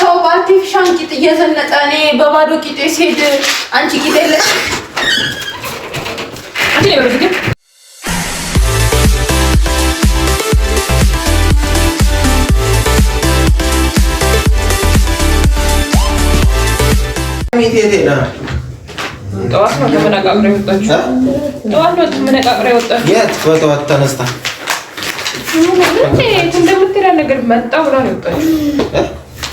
ሰው በአርቲፊሻል ቂጥ እየዘነጠ እኔ በባዶ ቂጤ ስሄድ አንቺ ቂጥ የለሽ ጠዋት ተነስታ እንደምትሄድ ነገር መጣ ብላ ነው የወጣችው።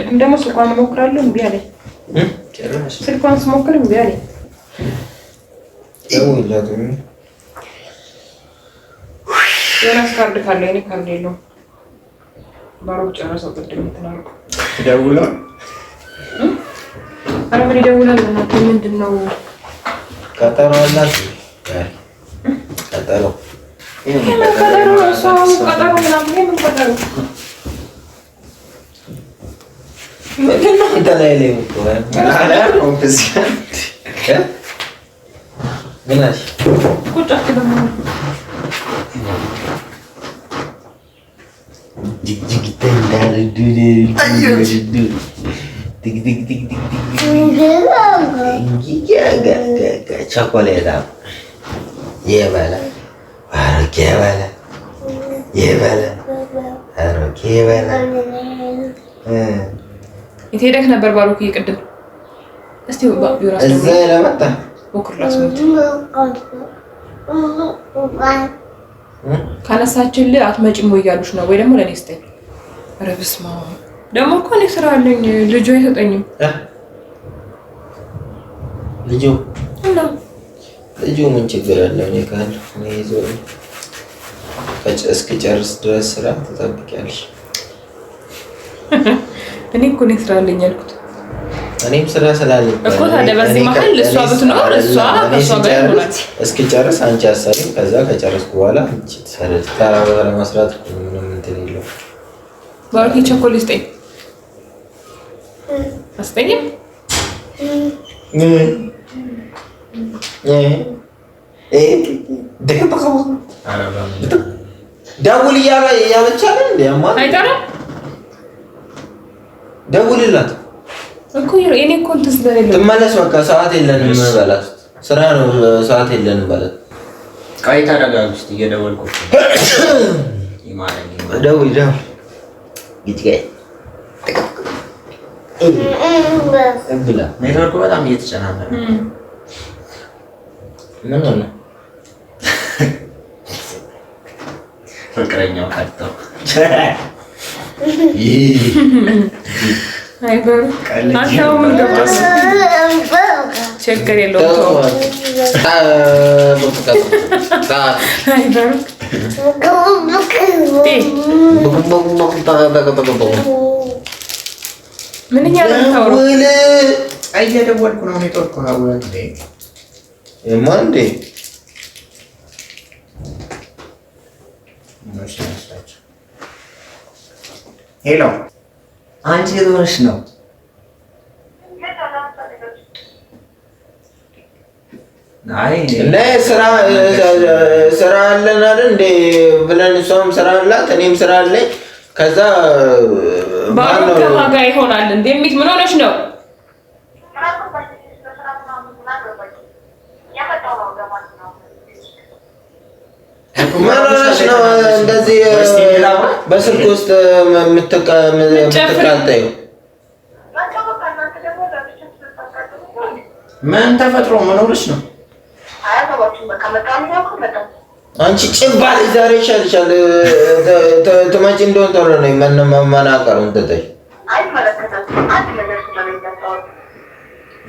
ቅድም ደግሞ ስልኳን እሞክራለሁ እምቢ አለኝ። ስልኳን ስሞክር እምቢ አለኝ። ዮናስ ካርድ ካለ እኔ ካርድ የለውም። ባሮክ ጨረሰው ቅድም የተናርኩ ደውሏል። ኧረ ምን ይደውላል? እናንተ ምንድን ነው ቀጠሮ አላችሁ? ቀጠሮ ቀጠሮ ምናምን ምን ቀጠሮ Italiya ile mutlu. ምን አለ ኮምፕዚያን ምን አልሽ? ቁጭ አትልም። ቸኮሌታ የበለ አሮጌ በለ የበለ አሮጌ በለ የት ሄደህ ነበር ባሮክዬ? ቅድም እስቲ እዛ ለመጣ ሞክር ካነሳችልህ አትመጪም ወይ እያሉሽ ነው ወይ ደግሞ ለእኔ ስጠኝ። ኧረ በስመ ደግሞ እኮ እኔ ስራ አለኝ። ልጁ አይሰጠኝም። ልጁ ልጁ ምን ችግር አለው? እኔ ካለ እኔ ድረስ ስራ ትጠብቂያለሽ እኔ እኮ እኔ ስራ አለኝ ያልኩት እኔም ስራ ስላለኝ እኮ ታዲያ በዚህ መሀል እሷ ብትኖር እሷ ከእሷ ጋር አንቺ አሰሪም ከዛ ከጨረስኩ በኋላ አንቺ ትሰሪያለሽ። ተራ ቦታ ለመስራት ምንም እንትን የለውም። ባርኪ ቸኮል ስጠኝ አስጠኝም ደውል እያለች አይጠራም ደውልላት እኮ እኔ እኮ እንትን ስለሌለ ትመለስ። በቃ ሰዓት የለንም በላት፣ ስራ ነው ሰዓት የለንም በላት። ቆይ ተረጋግ፣ እስኪ እየደወልኩ ደውል ደውል ኔትወርኩ በጣም እየተጨናነቀ ምን ሆነ? ፍቅረኛው ችግር የለውም። ምንኛ እየደወልኩ ነው ኔትወርኩ ነው እንዴ? ሄሎ አንቺ የት ሆነሽ ነው? ስራ አለን አይደል እንደ ብለን እሷም ስራ አላት እኔም ስራ አለኝ። ከዛ ባሩ ከማጋ ይሆናል እንደሚት ምን ሆነሽ ነው? ነው እንደዚህ በስልክ ውስጥ የምትቃጠዩ? ምን ተፈጥሮ መኖርሽ ነው? አንቺ ጭባል ዛሬ ይሻልሻል። ትመጪ እንደሆነ ነው አንድ ነገር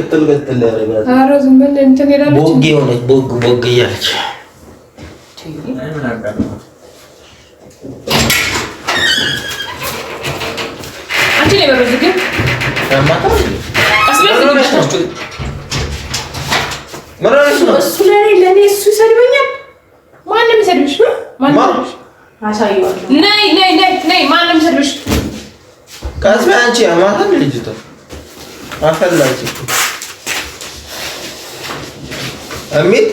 ቅጥል ቅጥል ያደርጋል። ኧረ ዝም ብለህ እንትን ሄዳለች። ቦግ የሆነች ቦግ ቦግ እያለች አንቺ ነው የበረዝግ እሱ ለእኔ ለእኔ እሱ ይሰድበኛል። ማንም ይሰድብሽ ማንም አሳየዋለሁ። ነይ ነይ ነይ ነይ ማንም ይሰድብሽ ቀስ አንቺ አማታ ልጅቷ አፈላች የሚል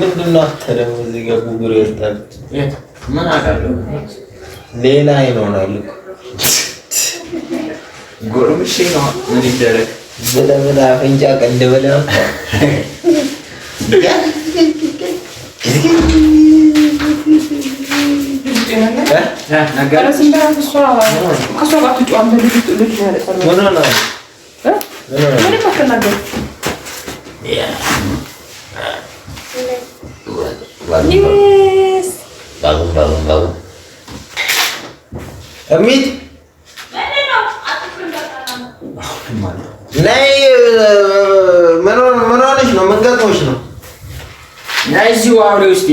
ምንድን ነው? አንተ ደግሞ እዚህ ጋር ጉጉር ይወጣል። ምን አውቃለሁ? ሌላ ይሆናል እኮ ጎርምሼ ነው። ምን ይደረግ ብለህ ብለህ አፍንጫ ቀንድ ብለህ ምን ነው? ምን ገጥሞሽ ነው? ነይ እዚሁ አውሬ ውስጥ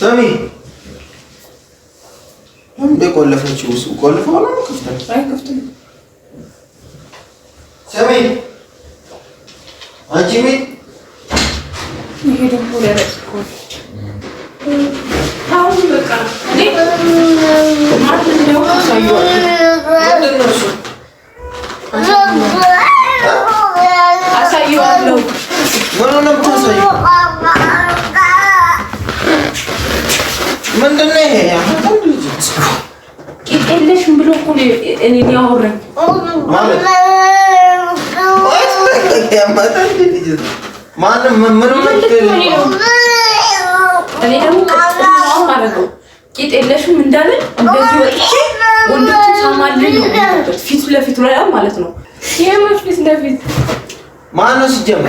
ስሚ እንደ ቆለፈችው እሱ ቆልፎ ነው ክፍተት አይ ክፍተት ሰማይ አንቺ ምን ይሄ ደግሞ ለረስኮ አሁን በቃ እኔ ነው አሳየዋለሁ ምን ነው ታሳየው እኔ ያወራኝ ቂጥ የለሽም እንዳለ እንደዚህ ወጥቼ ወንዶችን ሳማልል ፊቱ ለፊቱ ላይ ማለት ነው። ይሄ ፊት ለፊት ማነው ሲጀምር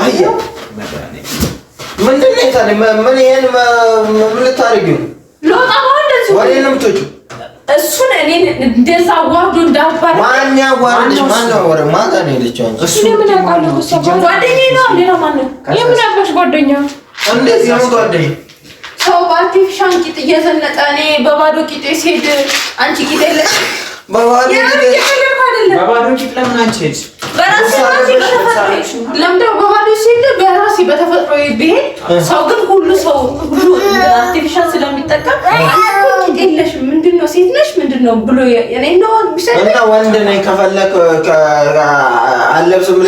አየው ምንድን ነው ቂጥ እየዘነጠ እኔ በባዶ ቂጤ ሲሄድ አንቺ ቂጤ የለሽ። በባዶ ቂጤ ለምን አንቺ ሄድሽ? በራሴ ለምደው ብሄድ ሰው ግን ሁሉ ሰው ሁሉ አርቲፊሻል ስለሚጠቀም የለሽ ምንድን ነው ሴት ነሽ ምንድን ነው ብሎ እና ወንድ ነኝ ከፈለክ አለብስም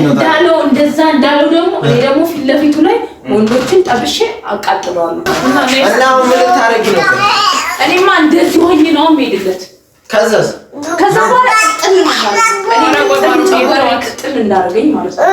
እንዳለው እንደዛ እንዳለው ደግሞ እኔ ደግሞ ፊት ለፊቱ ላይ ወንዶችን ጠብሼ አቃጥለዋለሁ። እና ምን ልታረጊ ነው? እኔማ እንደዚህ ሆኜ ነው የምሄድለት ከዛስ ከዛ በኋላ ቅጥል እንዳደረገኝ ማለት ነው።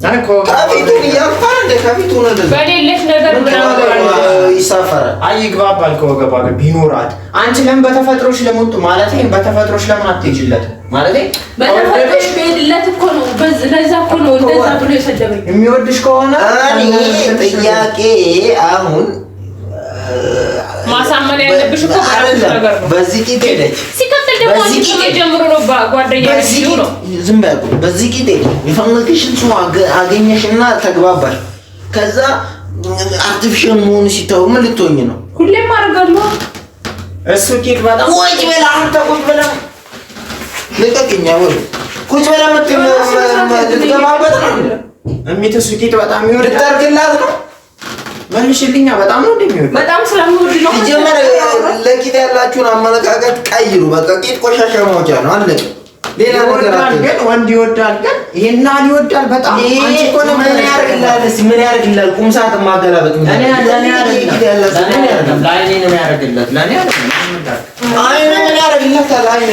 ይሳፈራል። አይግባባል ከወገባ ጋር ቢኖራት አንቺ ለምን በተፈጥሮሽ ለሞት ማለት በተፈጥሮሽ ለምን አትሄጂለት ማለት በተፈጥሮሽ ሄድለት እኮ ነው። ለዛ እኮ ነው እንደዛ ብሎ የሰደበኝ። የሚወድሽ ከሆነ ጥያቄ አሁን ማሳመን ያለብሽ እኮ በዚህ ነው በዚህ ቂጥ የፈለግሽን ሰው አገኘሽና ተግባባሽ። ከዛ አርቲፊሻል መሆኑ ሲታወቅ ምን ልትሆኝ ነው? ሁሌም አደርጋለሁ። እሱ ቂጥ በጣም ወይ በላ አንተ ቁጭ በላ ልቀቅኛ ወይ ቁጭ በላ የምትገባበት ነው። እሚት ቂጥ በጣም ይወድ ልታርግላት ነው መልሽልኛ። በጣም ነው እንደሚወድ በጣም ስለምወድ ነው። መጀመሪያ ለቂጥ ያላችሁን አመለካከት ቀይሩ። በቃ ቂጥ ቆሻሻ ማውጫ ነው አለ። ሌላ ነገር ግን ወንድ ይወዳል፣ ግን ይሄና ይወዳል በጣም አንቺ እኮ ነው። ምን ያደርግልሃል? እስኪ ምን ያደርግልሃል? ቁም ሰዓት ማገላበጥ ምን ያደርግልሃል? ለአይኔ ነው የሚያደርግለት። ለኔ አይደለም። ለኔ ምን ያደርግለታል? አይነ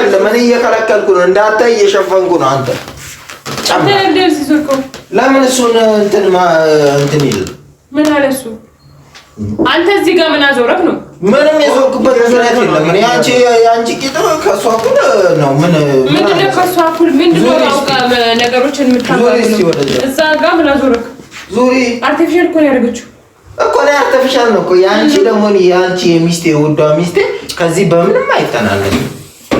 አይደለም። እኔ እየከለከልኩ ነው፣ እንዳታይ እየሸፈንኩ ነው። አንተ ለምን እሱን እንትን እንትን ይል ምን አለ እሱ? አንተ እዚህ ጋር ምን አዞረህ ነው? ምንም የዞርኩበት ምክንያት የለም። እኔ አንቺ አንቺ ቂጥ ከሷ እኩል ነው። ምን ምንድን ነው ከሷ እኩል ምንድን ነው? አውቃ ነገሮችን የምታማሩ እዛ ጋር ምን አዞረህ? ዙሪ አርቲፊሻል እኮ ነው ያደረገችው እኮ ላይ አርቲፊሻል ነው እኮ። የአንቺ ደግሞ የአንቺ የሚስቴ ውዷ ሚስቴ ከዚህ በምንም አይጠናለን።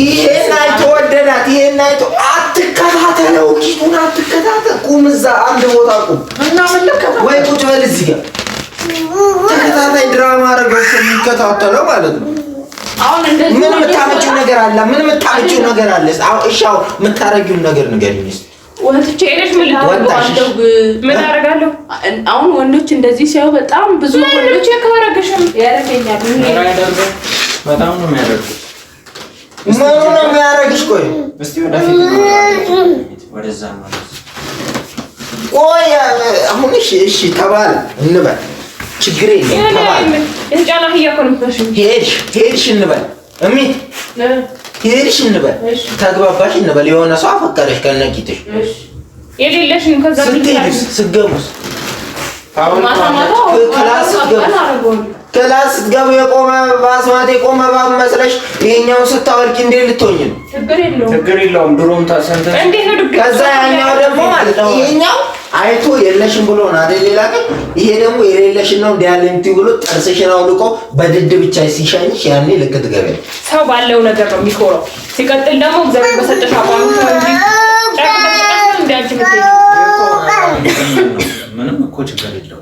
ይሄን አይቶ ወደዳት። ይሄን አይቶ አትከታተለው፣ ኪቱን አትከታተል። ቁም፣ እዛ አንድ ቦታ ቁም ወይ ቁጭ በል እዚህ ጋር። ተከታታይ ድራማ አደረገው የሚከታተለው ማለት ነው። ምን የምታመጪው ነገር አለ? ምን የምታመጪው ነገር አለ? እሺ የምታረጊውን ነገር ንገሪኝ እስኪ። አሁን ወንዶች እንደዚህ ሲያዩ በጣም ብዙ ወንዶች ያከባረገሽም በጣም ነው የሚያደርጉት ምኑን ነው የሚያደርግሽ? ቆይ እስቲ ወደፊት ወደዛ ቆይ አሁን እሺ፣ እሺ ተባለ እንበል ችግር የለም ተባለ። እንጫላ እያኮንበሽ ሄድሽ ሄድሽ እንበል እሚ ሄድሽ እንበል ተግባባሽ እንበል የሆነ ሰው አፈቀረሽ ከነቂጥሽ የሌለሽ ከዛ ስትሄዱስ ስትገቡስ አሁን ክላስ ስትገቡ ክላስ ስትገቡ የቆመ በአስማት የቆመ ባብ መስለሽ ይሄኛው ስታወልቂ እንዴት ልትሆኝ ነው? ችግር የለውም። ድሮም ታሰንተሽ ከዛ ያኛው ደግሞ ማለት ነው ይሄኛው አይቶ የለሽም ብሎ ነው አይደል? ሌላ ቀን ይሄ ደግሞ የሌለሽን ነው እንዲያለንቲ ብሎ ጥርስሽን አውልቆ በድድ ብቻ ሲሻኝሽ ያኔ ልክ ትገቢያለሽ። ሰው ባለው ነገር ነው የሚኮረው። ሲቀጥል ደግሞ እግዚአብሔር በሰጠሽ አቋም ምንም እኮ ችግር የለውም።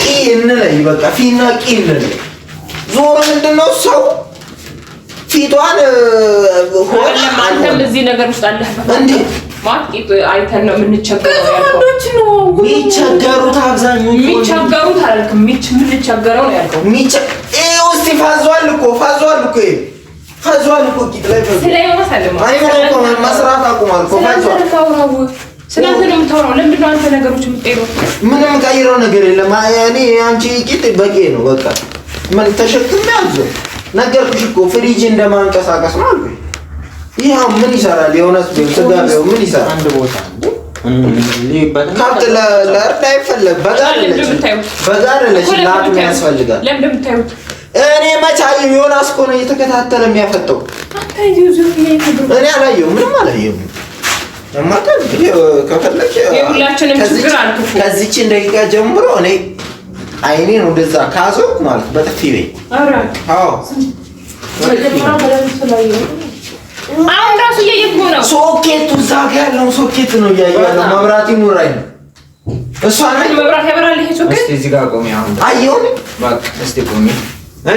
ቂ እንለይ በቃ ፊና ቂ እንለይ። ዞሮ ምንድነው ሰው ፊቷን ሆነ አንተም እዚህ ነገር ውስጥ አለ እንዴ? ማጥቂት አይተን ነው የምንቸገረው። ወንዶች ነው የሚቸገሩት፣ አብዛኛው የሚቸገሩት አላልክም? የምንቸገረው ነው ያልከው። ሚቸ ይኸው እስቲ ፋዟል እኮ ፋዟል እኮ ይሄ ፋዟል እኮ ቂጥ ላይ ፋዟል። አይ ነው እኮ መስራት አቁማል እኮ ፋዟል። ስለዚህ ነው የምታወራው? ለምንድን ነው አንተ ነገሮች የምትቀይረው? ምን የምቀይረው ነገር የለም። እኔ አንቺ ቂጥ በቂ ነው በቃ። ምን ተሸክም ያዙ ነገርኩሽ እኮ ፍሪጅ እንደማንቀሳቀስ ነው አልኩኝ። ይኸው ምን ይሰራል? የእውነት ስጋ ቢሆን ምን ይሰራል? አንድ ቦታ ከብት ለእርድ አይፈለግ በጋ በጋ ለአቅም ያስፈልጋል። እኔ ዮናስ እኮ ነው እየተከታተለ የሚያፈጠው። እኔ አላየሁም፣ ምንም አላየሁም። ከዚችን ደቂቃ ጀምሮ እኔ አይኔን ወደዛ ካዞርኩ ማለት በጥፊ በይ። አሁን ራሱ ነው። ሶኬቱ እዛ ጋ ያለው ሶኬት ነው እሷ መብራት ያበራል። ይሄ ሶኬት እዚህ ጋር አሁን በቃ እስቲ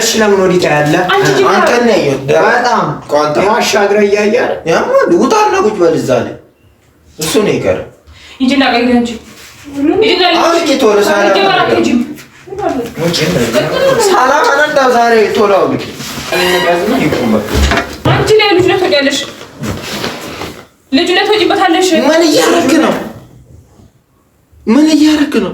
እሺ ለምን ወዲህ ታያለህ? ነው ያየሁት። በጣም ቋንጣ ማሻገር እያየህ ውጣና ቁጭ በል እዛ ላይ እሱ ነው ይቀር እንጂና ቀይደንጂ ምን እያደረክ ነው? ምን እያደረክ ነው? ምን እያደረክ ነው?